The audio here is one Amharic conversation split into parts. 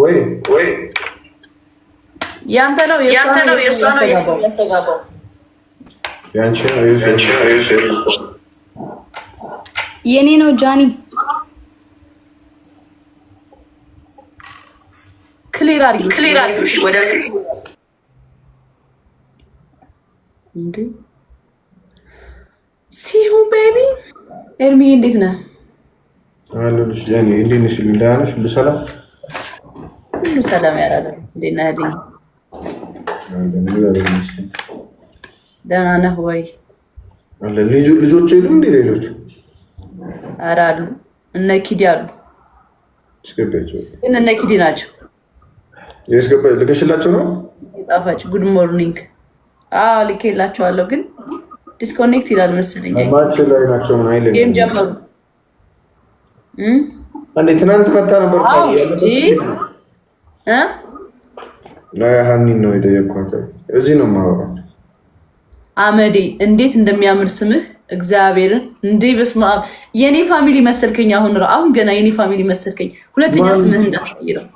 ወይ ወይ ያንተ ነው ያንተ ነው የእሷ ነው የሚያስተጋባው። ያንቺ ነው የእሱ የኔ ነው ጃኒ ክሊር አድርጊው ክሊር አድርጊው። ወደ እንዴ ቤቢ ኤርሚ እንዴት ነህ? አለሁልሽ እንዴት ነሽ? ደህና ነሽ? ሁሉ ሰላም ሁሉ ሰላም ያላለ እንዴት ነህ ልኝ ደህና ነህ ወይ? ልጆች የሉም እንዴ? ሌሎች ኧረ አሉ እነ ኪዲ አሉ፣ ግን እነ ኪዲ ናቸው። ልከሽላቸው ነው ጣፋጭ ጉድ ሞርኒንግ ልኬላቸዋለሁ፣ ግን ዲስኮኔክት ይላል መሰለኝ። ጌም ጀመሩ። ትናንት መታ ነበር ሀኒን ነው የጠየኳት። እዚህ ነው የማወራው። አመዴ እንዴት እንደሚያምር ስምህ እግዚአብሔርን እንዴ! በስመ አብ የኔ ፋሚሊ መሰልከኝ። አሁን አሁን ገና የኔ ፋሚሊ መሰልከኝ። ሁለተኛ ስምህ እንዳትቀይረው፣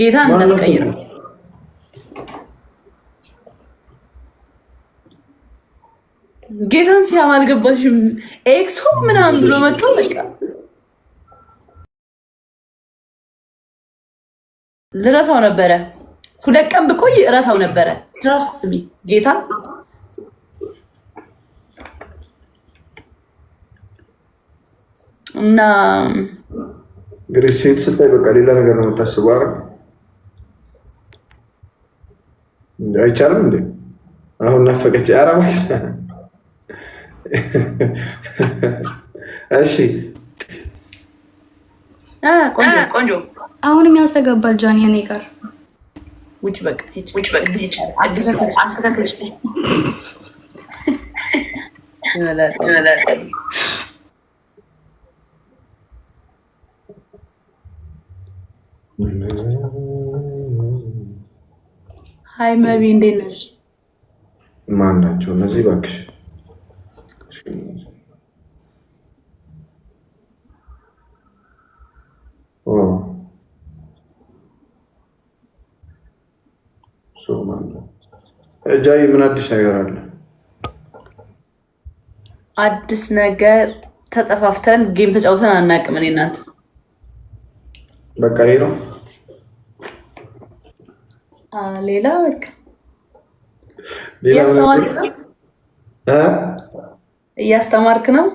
ጌታ እንዳትቀይረው። ጌታን ሲያም አልገባሽም? ኤክሶ ምናምን ብሎ መጥቶ በቃ ልረሳው ነበረ። ሁለት ቀን ብቆይ እረሳው ነበረ። ትራስት ሚ ጌታ እና እንግዲህ ሴት ስታይ በቃ ሌላ ነገር ነው የምታስበው። አረ አይቻልም እንዴ አሁን ናፈቀች። አረ እሺ ቆንጆ ቆንጆ አሁንም ያስተጋባል ጃን የኔ ጋር ውጭ በቃ ውጭ ሀይ መቢ እንዴት ነሽ? ማን ናቸው እነዚህ እባክሽ? ጃይ ምን አዲስ ነገር አለ? አዲስ ነገር ተጠፋፍተን ጌም ተጫውተን አናውቅም። እኔ እናንተ በቃ ይሄ ነው። ሌላ በቃ እያስተማርክ ነው?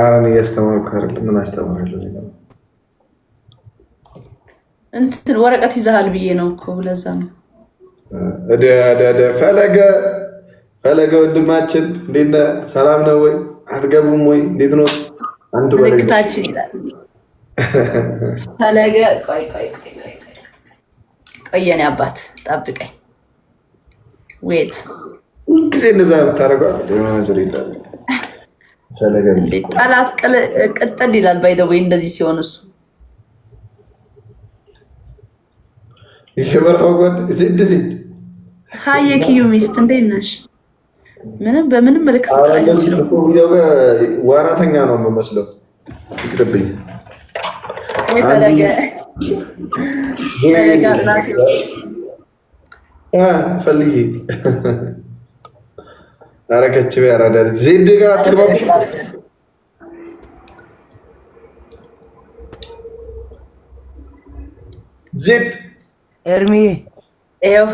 አሁን እያስተማርኩ አይደለም። ምን አስተማርለ? እንትን ወረቀት ይዛሃል ብዬ ነው እኮ ለዛ ነው ፈለገ ፈለገ ወንድማችን እንዴት ነህ? ሰላም ነው ወይ? አትገቡም ወይ? እንዴት ነው? አንዱ መልእክታችን ይላል ፈለገ። ቆይ ቆይ ቆይ የኔ አባት ጠብቀኝ። ዌት ሁልጊዜ እንደዛ ብታደርገዋል ነገር ይላል ፈለገ። ጠላት ቅጥል ይላል። ባይ ዘ ወይ እንደዚህ ሲሆን እሱ ይሸበርቀው ጎን እዚህ እንደዚህ ሀይ ኪዩ ሚስት እንዴት ነሽ? ምንም በምንም ምልክት ዋናተኛ ነው የምመስለው። ይቅርብኝ። ፈልጊ አረከች ያራዳል ዜድ ጋር ዜድ ኤርሚ ይኸው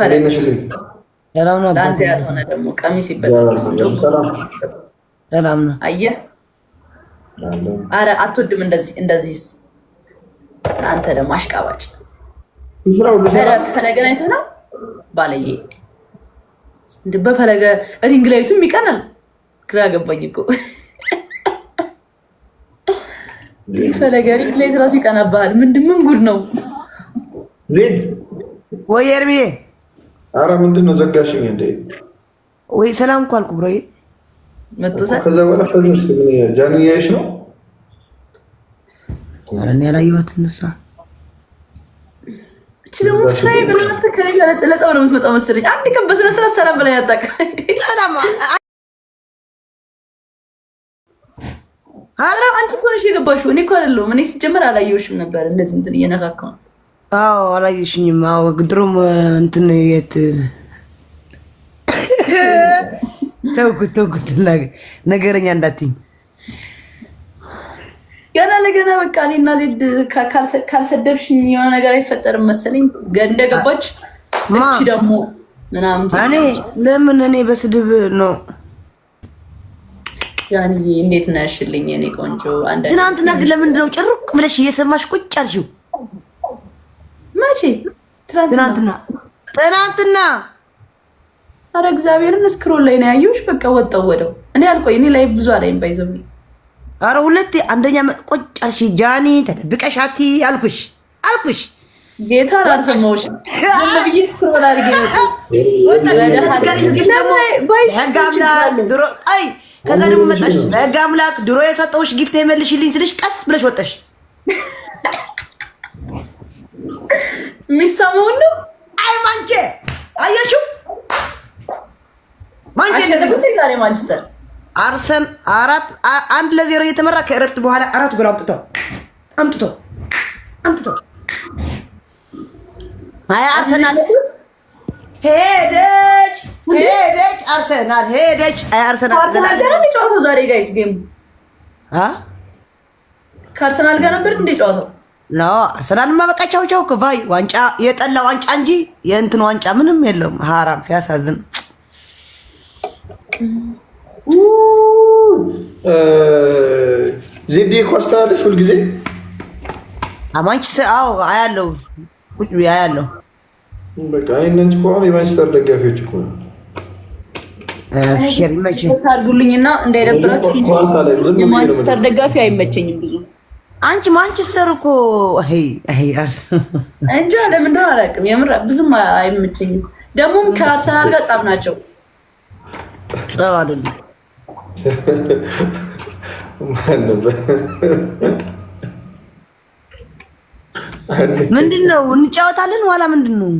ሰላም ነው። ለአንተ ያልሆነ ደግሞ ቀሚስ ይበጣል። ሰላም ነው። አየህ፣ ኧረ አትወድም እንደዚህ እንደዚህ። አንተ ደግሞ አሽቃባጭ። ኧረ ፈለገን አይተህ ነው ባለዬ። እንደ በፈለገ ሪንግ ላይቱም ይቀናል። ግራ ገባኝ እኮ ፈለገ ሪንግ ላይት ራሱ ይቀናብሃል። ምንድን ምን ጉድ ነው ወይ ኤርሚዬ አረ ምንድን ነው ዘጋሽኝ እንዴ? ወይ ሰላም እኮ አልኩ ብሮዬ። ከዛ በኋላ ፈዘሽ ምን ጃን ጃንያሽ ነው? አረ እኔ አላየኋትም። እሷ እቺ ደግሞ ስራዬ አንተ ከሌላ ለጸው ነው የምትመጣው መሰለኝ። አንድ ቀን በስነ ስርዓት ሰላም ብላ ያጣቀ አረ አንቺ እኮ ነሽ የገባሽው፣ እኔ እኮ አይደለሁም። እኔ ሲጀመር አላየሁሽም ነበር እንደዚህ እንትን እየነካከው ነው አዎ አላየሽኝም? አዎ ግድሮም እንትን የት ተውኩት ተውኩት። ነገረኛ እንዳትኝ ገና ለገና በቃ እኔና ዜድ ካልሰደብሽኝ የሆነ ነገር አይፈጠርም መሰለኝ። እንደገባች እቺ ደግሞ እኔ ለምን እኔ በስድብ ነው ያንዬ። እንዴት ነሽልኝ የእኔ ቆንጆ? ትናንትና ግን ለምንድን ነው ጭርቅ ብለሽ እየሰማሽ ቁጭ አልሽው? መቼ? ትናንትና ትናንትና። አረ እግዚአብሔርን እስክሮል ላይ ነው ያየሁሽ። በቃ ወጣው ወደው። እኔ አልቆይ እኔ ላይ ብዙ አላይም ባይዘው። አረ ሁለት አንደኛ ቆጭ አልሽ። ጃኒ ተደብቀሻቲ አልኩሽ አልኩሽ። ጌታ ራስሞሽ ከዛ ደግሞ መጣሽ። በህግ አምላክ ድሮ የሰጠውሽ ጊፍት የመልሽልኝ ስልሽ ቀስ ብለሽ ወጠሽ የሚሰማውን ነው። አይ ማንቼ አያችሁ፣ ማንቼ ዛሬ ማንችስተር አርሰን አራት አንድ ለዜሮ እየተመራ ከእረፍት በኋላ አራት ጎል አምጥቶ አምጥቶ አምጥቶ አይ አርሰናል ሄደች ሄደች አርሰናል ሄደች። አይ አርሰናል አርሰናል ጋር ጨዋታው ዛሬ ጋይስ ጌም አ ከአርሰናል ጋር ነበር እንደ ጨዋታው አርሰናል ማበቃ ቻው ቻው ክፋይ ዋንጫ የጠላ ዋንጫ እንጂ የእንትን ዋንጫ ምንም የለውም። ሀራም ሲያሳዝን። ዜዴ እኮ አስተላለች ሁልጊዜ አማንች አዎ አያለው ቁጭ ብዬ አያለው። በቃ ይነንጭ ከሆነ የማንቸስተር ደጋፊዎች እኮ ነው ይመችህ አድርጉልኝና እንዳይደብራችሁ። የማንቸስተር ደጋፊ አይመቸኝም ብዙ አንቺ ማንቸስተር እኮ እንጃ ለምን እንደሆነ አላውቅም። የምር ብዙም አይመቸኝም። ደግሞም ከአርሰናል ጋር ጻብ ናቸው። ጸብ አይደለም ምንድን ነው እንጫወታለን። ኋላ ምንድን ነው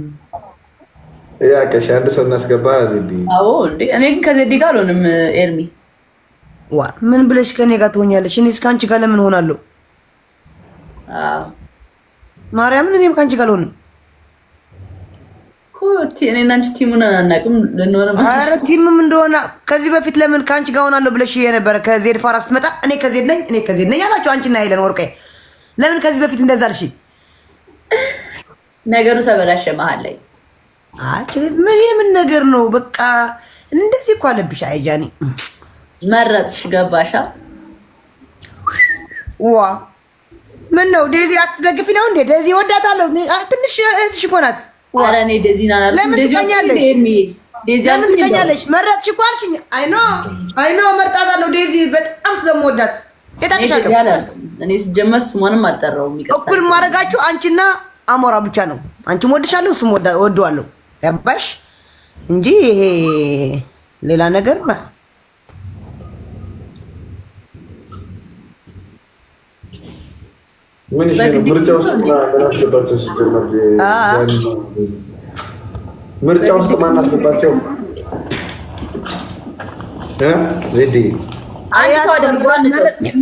ያ ቀሽ አንድ ሰው እናስገባ። ዜዲ አዎ፣ እኔ ግን ከዜዲ ጋር አልሆንም። ኤርሚ ዋ ምን ብለሽ ከኔ ጋር ትሆኛለሽ? እኔ እስከ አንቺ ጋር ለምን ሆናለሁ? ማርያምን እኔም ከአንቺ ጋር እኔ እኔና አንቺ ቲሙን አናውቅም። ልንሆነ ኧረ ቲምም እንደሆነ ከዚህ በፊት ለምን ከአንቺ ጋር ሆናለሁ ብለሽ የነበረ ከዜድ ፋራ ስትመጣ እኔ ከዜድ ነኝ እኔ ከዜድ ነኝ አላቸው። አንቺና ሄለን ወርቄ ለምን ከዚህ በፊት እንደዛ አልሽ? ነገሩ ተበላሸ መሀል ላይ። ምን የምን ነገር ነው? በቃ እንደዚህ እኮ አለብሽ። አይጃኒ መረጥሽ ገባሻ ዋ ምን ነው ዴዚ አትደግፊ ነው እንዴ? ዴዚ እወዳታለሁ። ትንሽ እህትሽ እኮ ናት። ኧረ እኔ ዴዚ ናት። ለምን ትቀኛለሽ? ለምን ትቀኛለሽ? መረጥሽ እኮ አልሽኝ። አይ ኖ መርጣታለሁ። ዴዚ በጣም ስለምወዳት እኔ ስጀመር ስሟንም አልጠራውም። እኩል ማድረጋችሁ አንቺና አሞራ ብቻ ነው። አንቺም ወድሻለሁ፣ እሱም ወደዋለሁ። ያባሽ እንጂ ይሄ ሌላ ነገር ምርጫ ውስጥ ማናስገባቸው ሲጀመር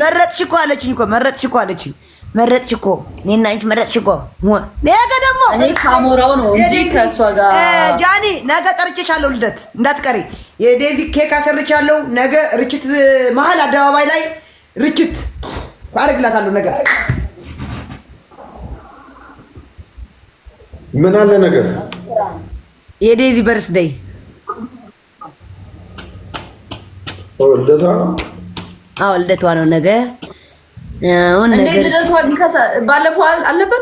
መረጥሽ እኮ አለችኝ እኮ መረጥሽ እኮ አለችኝ መረጥሽ እኮ እኔና አንቺ መረጥሽ እኮ ነገ ደግሞ ጃኒ ነገ ጠርቼሻለሁ ልደት እንዳትቀሪ የዴዚ ኬክ አሰርቻለሁ ነገ ርችት መሀል አደባባይ ላይ ርችት አደርግላታለሁ ነገር ምን አለ ነገር የዴዚ በርስደይ ልደቷ ነው። ልደቷ ነው። ነገ አሁን ነገር ባለፈው አልነበር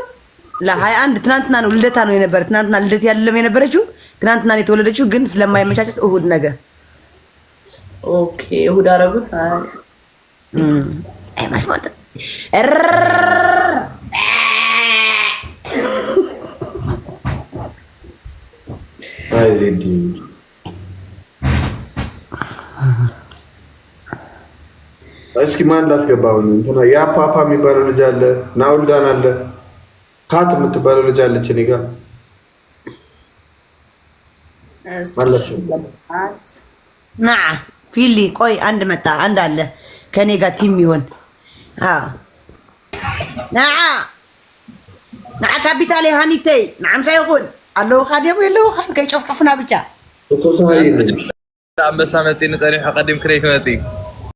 ለሀያ አንድ ትናንትና ነው ልደታ ነው የነበረ። ትናንትና ልደት ያለም የነበረችው ትናንትና ነው የተወለደችው፣ ግን ስለማይመቻቸት እሁድ ነገ ኦኬ እሁድ አረጉት። አይ ማሽማጥ እስኪ ማን ላስገባ? እንትና ያ ፓፓ የሚባለው ልጅ አለ፣ ናውልዳን አለ፣ ካት የምትባለው ልጅ አለች። እኔ ጋር ና ፊሊ፣ ቆይ አንድ መጣ፣ አንድ አለ ከኔ ጋር ቲም ይሆን ና ና ካፒታል ሃኒቴ ናዓምሳ ይኹን ኣለዉካ ድም የለውካን ከይጨፍጨፉና ብቻ ኣንበሳ መፂ ንፀኒሑ ቀዲም ክደይ ትመፂ